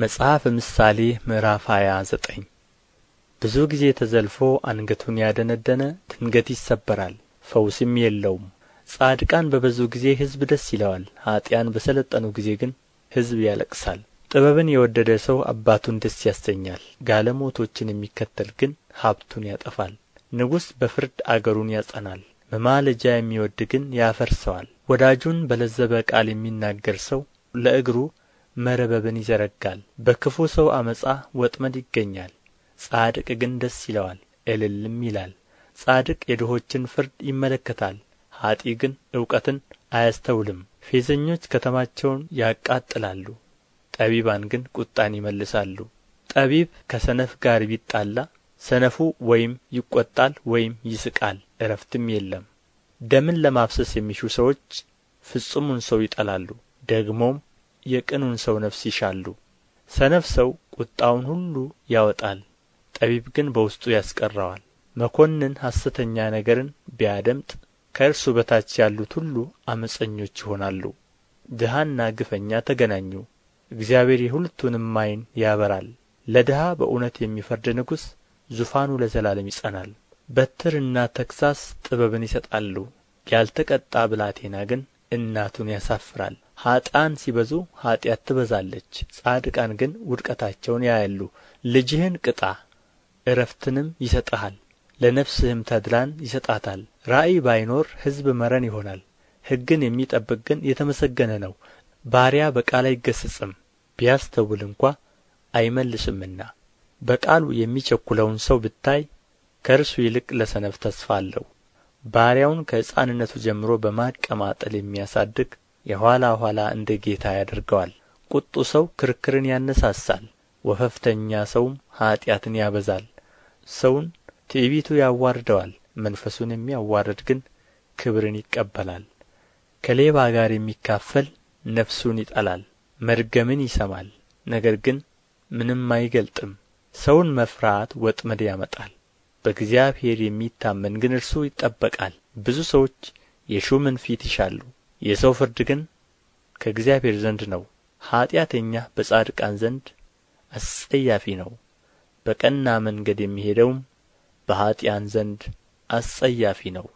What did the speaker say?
መጽሐፈ ምሳሌ ምዕራፍ ሃያ ዘጠኝ ብዙ ጊዜ ተዘልፎ አንገቱን ያደነደነ ድንገት ይሰበራል፣ ፈውስም የለውም። ጻድቃን በበዙ ጊዜ ሕዝብ ደስ ይለዋል፣ ኀጢአን በሰለጠኑ ጊዜ ግን ሕዝብ ያለቅሳል። ጥበብን የወደደ ሰው አባቱን ደስ ያሰኛል፣ ጋለሞቶችን የሚከተል ግን ሀብቱን ያጠፋል። ንጉሥ በፍርድ አገሩን ያጸናል፣ መማለጃ የሚወድ ግን ያፈርሰዋል። ወዳጁን በለዘበ ቃል የሚናገር ሰው ለእግሩ መረበብን ይዘረጋል በክፉ ሰው ዓመፃ ወጥመድ ይገኛል ጻድቅ ግን ደስ ይለዋል እልልም ይላል ጻድቅ የድሆችን ፍርድ ይመለከታል ኀጢ ግን እውቀትን አያስተውልም ፌዘኞች ከተማቸውን ያቃጥላሉ ጠቢባን ግን ቁጣን ይመልሳሉ ጠቢብ ከሰነፍ ጋር ቢጣላ ሰነፉ ወይም ይቈጣል ወይም ይስቃል እረፍትም የለም ደምን ለማፍሰስ የሚሹ ሰዎች ፍጹሙን ሰው ይጠላሉ ደግሞም የቅኑን ሰው ነፍስ ይሻሉ ሰነፍ ሰው ቁጣውን ሁሉ ያወጣል ጠቢብ ግን በውስጡ ያስቀረዋል መኮንን ሐሰተኛ ነገርን ቢያደምጥ ከእርሱ በታች ያሉት ሁሉ አመፀኞች ይሆናሉ ድሃና ግፈኛ ተገናኙ እግዚአብሔር የሁለቱንም ዓይን ያበራል ለድሀ በእውነት የሚፈርድ ንጉሥ ዙፋኑ ለዘላለም ይጸናል በትርና ተግሣስ ጥበብን ይሰጣሉ ያልተቀጣ ብላቴና ግን እናቱን ያሳፍራል ኀጥኣን ሲበዙ ኀጢአት ትበዛለች ጻድቃን ግን ውድቀታቸውን ያያሉ ልጅህን ቅጣ ዕረፍትንም ይሰጥሃል ለነፍስህም ተድላን ይሰጣታል ራእይ ባይኖር ሕዝብ መረን ይሆናል ሕግን የሚጠብቅ ግን የተመሰገነ ነው ባሪያ በቃል አይገሠጽም ቢያስተውል እንኳ አይመልስምና በቃሉ የሚቸኵለውን ሰው ብታይ ከእርሱ ይልቅ ለሰነፍ ተስፋ አለው ባሪያውን ከሕፃንነቱ ጀምሮ በማቀማጠል የሚያሳድግ የኋላ ኋላ እንደ ጌታ ያደርገዋል ቍጡ ሰው ክርክርን ያነሣሣል ወፈፍተኛ ሰውም ኃጢአትን ያበዛል ሰውን ትዕቢቱ ያዋርደዋል መንፈሱን የሚያዋርድ ግን ክብርን ይቀበላል ከሌባ ጋር የሚካፈል ነፍሱን ይጠላል መርገምን ይሰማል ነገር ግን ምንም አይገልጥም ሰውን መፍራት ወጥመድ ያመጣል በእግዚአብሔር የሚታመን ግን እርሱ ይጠበቃል ብዙ ሰዎች የሹምን ፊት ይሻሉ የሰው ፍርድ ግን ከእግዚአብሔር ዘንድ ነው ኃጢአተኛ በጻድቃን ዘንድ አስጸያፊ ነው በቀና መንገድ የሚሄደውም በኀጥኣን ዘንድ አስጸያፊ ነው